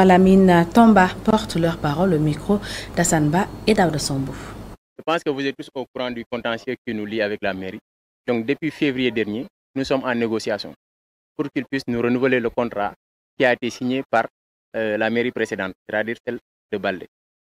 Malamine Tomba porte leur parole au micro d'Assanba et d'Aouda Je pense que vous êtes tous au courant du contentieux qui nous lie avec la mairie. Donc depuis février dernier, nous sommes en négociation pour qu'ils puissent nous renouveler le contrat qui a été signé par euh, la mairie précédente, c'est-à-dire celle de Balde.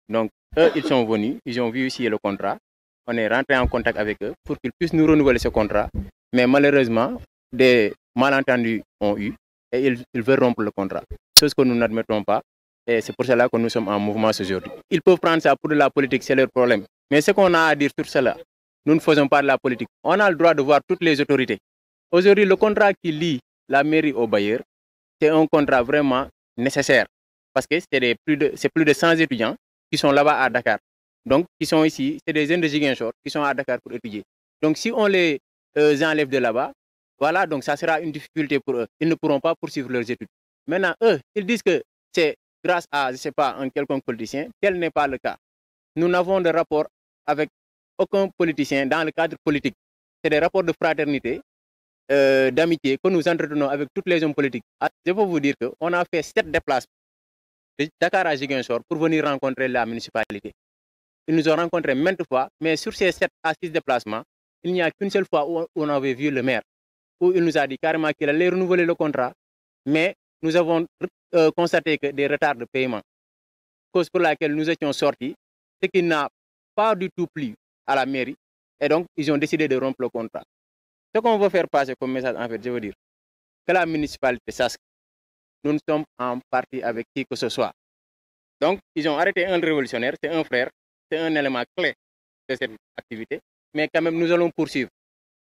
Donc eux, ils sont venus, ils ont vu aussi le contrat. On est rentré en contact avec eux pour qu'ils puissent nous renouveler ce contrat. Mais malheureusement, des malentendus ont eu et ils veulent rompre le contrat chose que nous n'admettons pas. Et c'est pour cela que nous sommes en mouvement aujourd'hui. Ils peuvent prendre ça pour de la politique, c'est leur problème. Mais ce qu'on a à dire sur cela, nous ne faisons pas de la politique. On a le droit de voir toutes les autorités. Aujourd'hui, le contrat qui lie la mairie au bailleur, c'est un contrat vraiment nécessaire. Parce que c'est plus, de, plus de 100 étudiants qui sont là-bas à Dakar. Donc, qui sont ici, c'est des jeunes de qui sont à Dakar pour étudier. Donc, si on les euh, enlève de là-bas, voilà, donc ça sera une difficulté pour eux. Ils ne pourront pas poursuivre leurs études. Maintenant, eux, ils disent que c'est grâce à, je sais pas, un quelconque politicien. Tel n'est pas le cas. Nous n'avons de rapport avec aucun politicien dans le cadre politique. C'est des rapports de fraternité, euh, d'amitié que nous entretenons avec toutes les hommes politiques. Ah, je peux vous dire qu'on a fait sept déplacements de Dakar à Giguinchor pour venir rencontrer la municipalité. Ils nous ont rencontrés maintes fois, mais sur ces sept à six déplacements, il n'y a qu'une seule fois où on avait vu le maire, où il nous a dit carrément qu'il allait renouveler le contrat, mais nous avons euh, constaté que des retards de paiement, cause pour laquelle nous étions sortis, ce qui n'a pas du tout plu à la mairie. Et donc, ils ont décidé de rompre le contrat. Ce qu'on veut faire passer comme message, en fait, je veux dire, que la municipalité sache nous ne sommes en partie avec qui que ce soit. Donc, ils ont arrêté un révolutionnaire, c'est un frère, c'est un élément clé de cette activité. Mais quand même, nous allons poursuivre.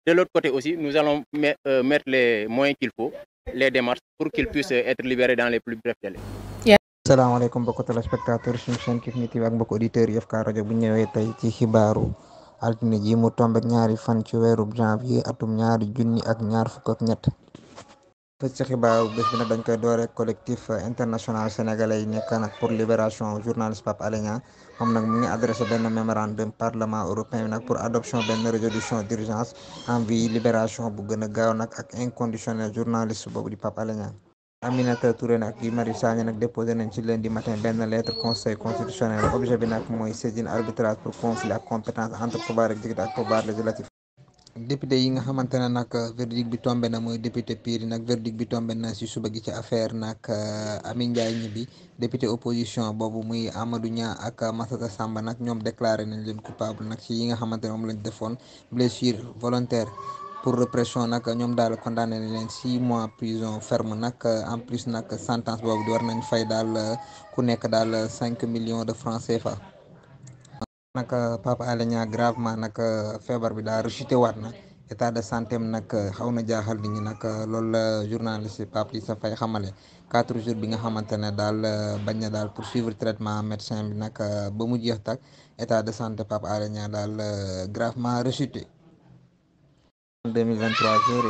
De l'autre côté aussi, nous allons euh, mettre les moyens qu'il faut les démarches pour qu'ils puissent être libérés dans les plus brefs délais. asalaamaaleykum mbokki téléspectateurs suñu chaîne Kifne TV ak mbokki auditeurs yi Ufoka Radio bu ñëwee tay ci xibaaru altine ji mu ak ñaari fan ci weeru janvier atum ñaari junni ak ñaar fuk ak ñett. pecc xibaaru bés bi nag dañ koy doore collectif euh, international sénégalais yi nekk nag pour libération journaliste Pape Alé Niang moom nag mu ngi adressé benn mémorandum parlement européen bi nag pour adoption benn résolution d'urgence en libération bu gën a gaaw nag ak inconditionnel journaliste boobu di Pape Alé Niang Aminata Touré nag Guy Marius Sagna nañ ci lundi matin benn lettre conseil constitutionnel objet bi nag mooy saisine arbitrage pour conflit ak compétence député yi nga xamante ne nag euh, verdict bi tombé na mooy député Pire nag verdict bi tombee na si suba gi ci affaire nag euh, Amy Ndiaye Gniby député opposition boobu muy Amadou Niang ak Massata Samba nag ñoom déclaré nañ leen coupable nag ci yi nga xamante ne moom lañ defoon blessure volontaire pour répression nag ñoom daal condamné nañ leen six mois prison ferme nag euh, en plus nag sentence boobu di war nañ fay daal ku nekk daal cinq millions de francs fa nag Pape Alé Niang gravement nag feebar bi daal rechuté waat na état de santé am euh, xaw na jaaxal ni ngi nag euh, loolu la journaliste Pape sa Faye xamale quatre jours bi nga xamante ne daal euh, bañ na daal poursuivre traitement médecin bi nag ba mu jeex tak état de santé Pape Alé daal gravement rechuté 2023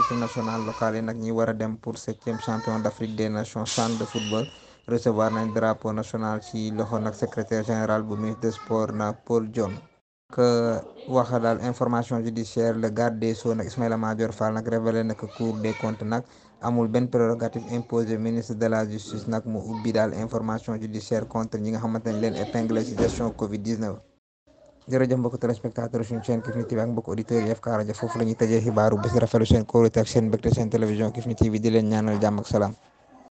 ci national local yi nag ñi war a dem pour septième champion d'Afrique des nations CHAN de football recevoir nañ drapeau national ci loxo nag secrétaire général bu ministre de sport na Paul Diome. que wax daal information judiciaire le garde des Sceaux nag Ismaïla Madior Fall nag révélé na que cour des comptes amul benn prérogative imposé ministre de la justice nag mu ubbi daal information judiciaire contre ñi nga xamante ne leen épinglé ci gestion Covid 19. jërëjëf mbokk téléspectateur suñu chaîne TV ak mbokk TV di leen ñaanal jàmm salaam.